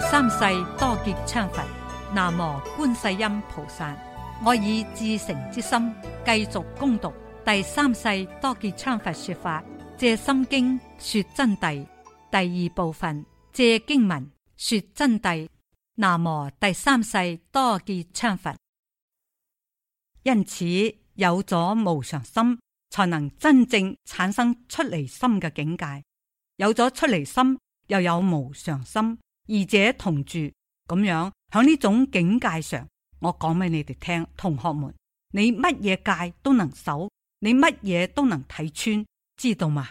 第三世多杰羌佛，南無觀世音菩薩。我以至誠之心繼續恭讀第三世多杰羌佛說法，借心經說真諦第二部分，借經文說真諦。南無第三世多杰羌佛。因此有咗無常心，才能真正產生出離心嘅境界。有咗出離心，又有無常心。二者同住咁樣，喺呢種境界上，我講俾你哋聽，同學們，你乜嘢戒都能守，你乜嘢都能睇穿，知道嗎？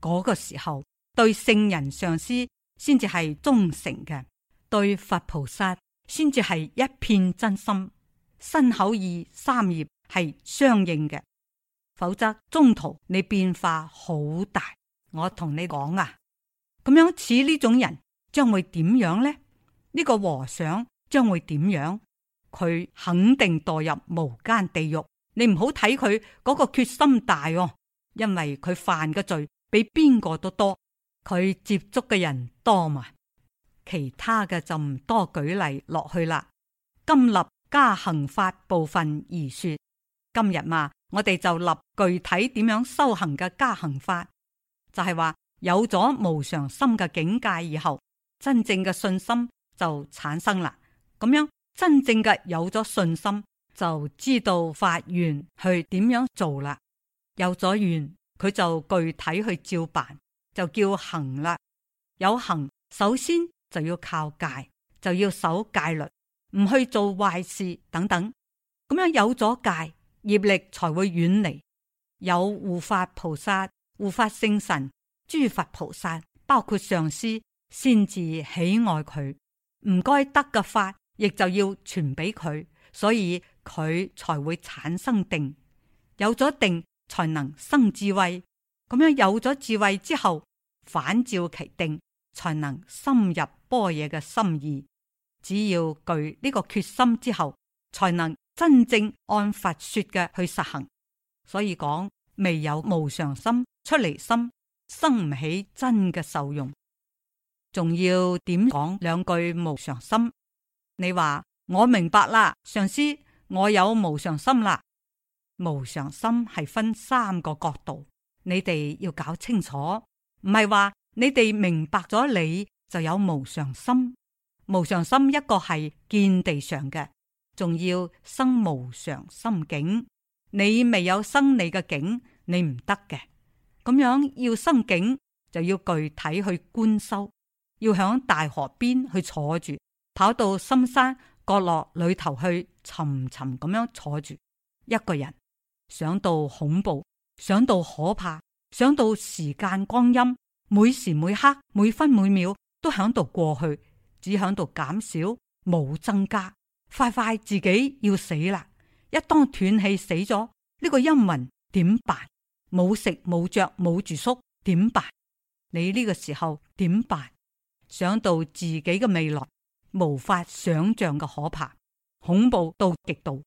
嗰、那個時候對聖人上司先至係忠誠嘅，對佛菩薩先至係一片真心，身口意三業係相應嘅，否則中途你變化好大。我同你講啊，咁樣似呢種人。將會點樣呢？呢個和尚將會點樣？佢肯定墮入無間地獄。你唔好睇佢嗰個決心大哦，因為佢犯嘅罪比邊個都多，佢接觸嘅人多嘛。其他嘅就唔多舉例落去啦。今立加行法部分而說，今日嘛，我哋就立具體點樣修行嘅加行法，就係話有咗無常心嘅境界以後。真正嘅信心就產生啦，咁樣真正嘅有咗信心，就知道發願去點樣做啦。有咗願，佢就具體去照辦，就叫行啦。有行，首先就要靠戒，就要守戒律，唔去做壞事等等。咁樣有咗戒，業力才會遠離。有護法菩薩、護法聖神、諸佛菩薩，包括上師。先至喜愛佢，唔該得嘅法亦就要傳俾佢，所以佢才會產生定，有咗定才能生智慧。咁樣有咗智慧之後，反照其定，才能深入般若嘅心意。只要具呢個決心之後，才能真正按佛說嘅去實行。所以講，未有無常心出離心，生唔起真嘅受用。仲要點講兩句無常心？你話我明白啦，上司，我有無常心啦。無常心係分三個角度，你哋要搞清楚，唔係話你哋明白咗你就有無常心。無常心一個係見地上嘅，仲要生無常心境。你未有生你嘅境，你唔得嘅。咁樣要生境，就要具體去觀修。要響大河邊去坐住，跑到深山角落裏頭去沉沉咁樣坐住，一個人想到恐怖，想到可怕，想到時間光陰每時每刻每分每秒都響度過去，只響度減少冇增加，快快自己要死啦！一當斷氣死咗，呢個陰魂點辦？冇食冇着冇住宿點辦？你呢個時候點辦？想到自己嘅未來，無法想象嘅可怕，恐怖到極度。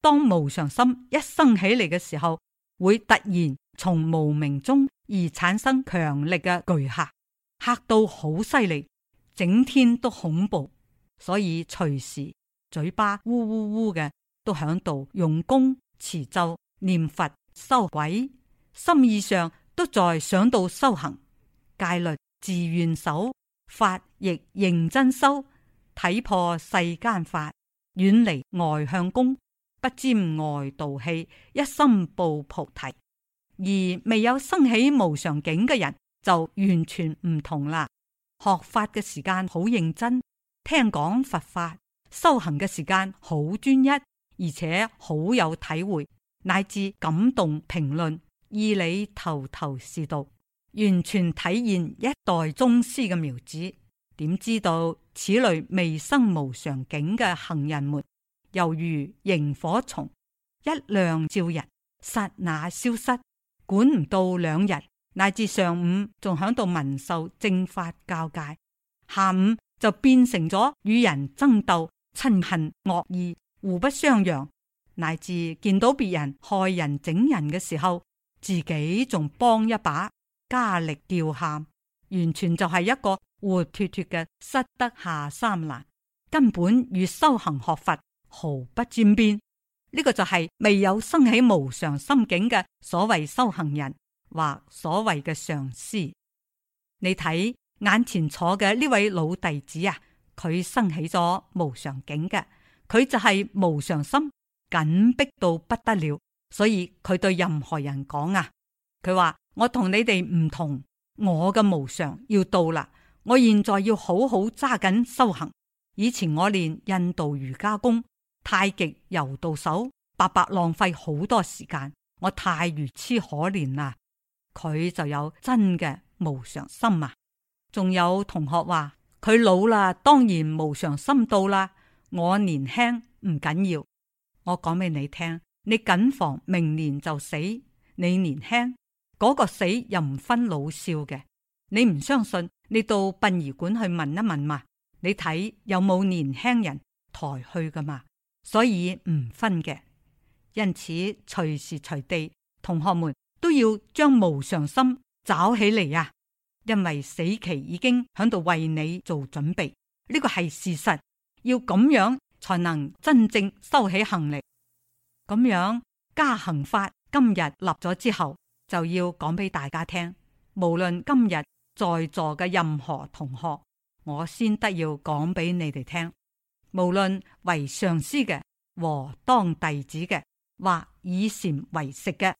當無常心一生起嚟嘅時候，會突然從無明中而產生強力嘅巨嚇，嚇到好犀利，整天都恐怖，所以隨時嘴巴嗚嗚嗚嘅都響度用功持咒念佛修，鬼心意上都在想到修行戒律自願守。法亦認真修，睇破世間法，遠離外向功，不沾外道氣，一心報菩提。而未有生起無常境嘅人，就完全唔同啦。學法嘅時間好認真，聽講佛法，修行嘅時間好專一，而且好有體會，乃至感動評論，義理頭頭是道，完全體現一代宗師嘅苗子，點知道此類未生無常境嘅行人們，猶如螢火蟲，一亮照人，刹那消失。管唔到兩日，乃至上午仲響度聞受正法教誡，下午就變成咗與人爭鬥、親恨惡意、互不相讓，乃至見到別人害人、整人嘅時候，自己仲幫一把。加力叫喊，完全就係一個活脱脱嘅失德下三濫，根本與修行學佛毫不沾邊。呢、這個就係未有生起無常心境嘅所謂修行人或所謂嘅上師。你睇眼前坐嘅呢位老弟子啊，佢生起咗無常境嘅，佢就係無常心緊逼到不得了，所以佢對任何人講啊，佢話。我同你哋唔同，我嘅無常要到啦，我現在要好好揸緊修行。以前我練印度瑜伽功、太極柔到手，白白浪費好多時間，我太如此可憐啦。佢就有真嘅無常心啊！仲有同學話佢老啦，當然無常心到啦。我年輕唔緊要，我講俾你聽，你謹防明年就死。你年輕。嗰個死又唔分老少嘅，你唔相信？你到殯儀館去問一問嘛，你睇有冇年輕人抬去噶嘛？所以唔分嘅，因此隨時隨地，同學們都要將無常心找起嚟啊！因為死期已經響度為你做準備，呢個係事實。要咁樣才能真正收起行李。咁樣加行法今日立咗之後。就要講俾大家聽，無論今日在座嘅任何同學，我先得要講俾你哋聽。無論為上師嘅和當弟子嘅，或以禪為食嘅，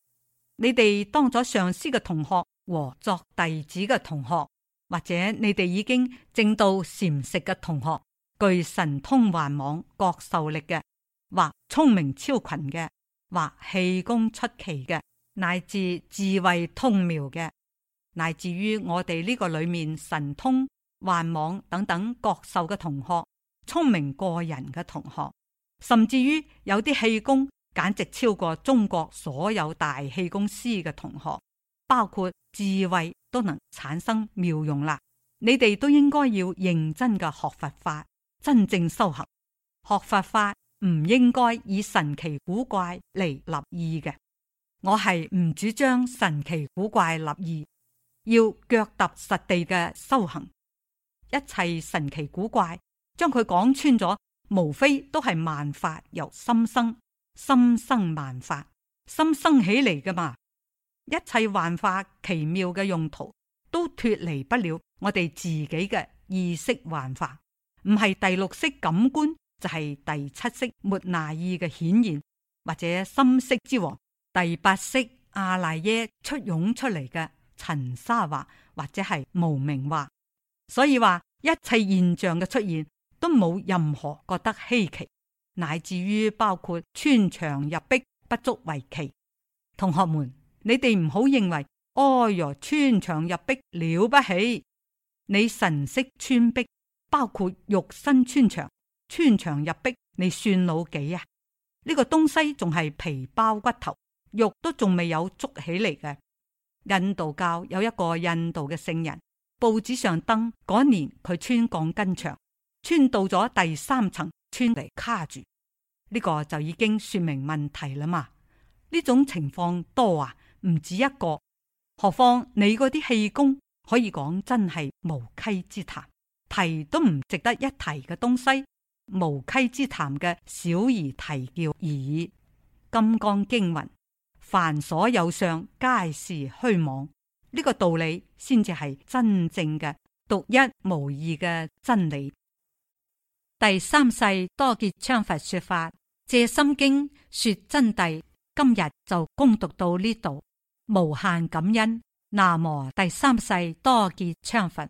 你哋當咗上師嘅同學和作弟子嘅同學，或者你哋已經證到禪食嘅同學，具神通幻網覺受力嘅，或聰明超群嘅，或氣功出奇嘅。乃至智慧通妙嘅，乃至於我哋呢個裏面神通幻網等等各秀嘅同學，聰明過人嘅同學，甚至於有啲氣功簡直超過中國所有大氣功師嘅同學，包括智慧都能產生妙用啦。你哋都應該要認真嘅學佛法，真正修行。學佛法唔應該以神奇古怪嚟立意嘅。我係唔主張神奇古怪立異，要腳踏實地嘅修行。一切神奇古怪，將佢講穿咗，無非都係萬法由心生，心生萬法，心生起嚟嘅嘛。一切幻化奇妙嘅用途，都脱離不了我哋自己嘅意識幻化，唔係第六識感官，就係、是、第七識末那意嘅顯現，或者心識之王。第八識阿賴耶出湧出嚟嘅塵沙話，或者係無明話。所以話一切現象嘅出現都冇任何覺得稀奇，乃至於包括穿牆入壁不足為奇。同學們，你哋唔好認為，哦喲，穿牆入壁了不起，你神色穿壁，包括肉身穿牆，穿牆入壁，你算老幾啊？呢個東西仲係皮包骨頭。肉都仲未有捉起嚟嘅。印度教有一個印度嘅聖人，報紙上登嗰年佢穿鋼筋牆穿到咗第三層，穿嚟卡住呢、這個就已經說明問題啦嘛。呢種情況多啊，唔止一個。何況你嗰啲氣功可以講真係無稽之談，提都唔值得一提嘅東西，無稽之談嘅小兒啼叫而已，《金剛經》云。凡所有相，皆是虛妄。呢、這個道理先至係真正嘅獨一無二嘅真理。第三世多杰羌佛說法《藉心經》說真諦，今日就恭讀到呢度，無限感恩。南無第三世多杰羌佛。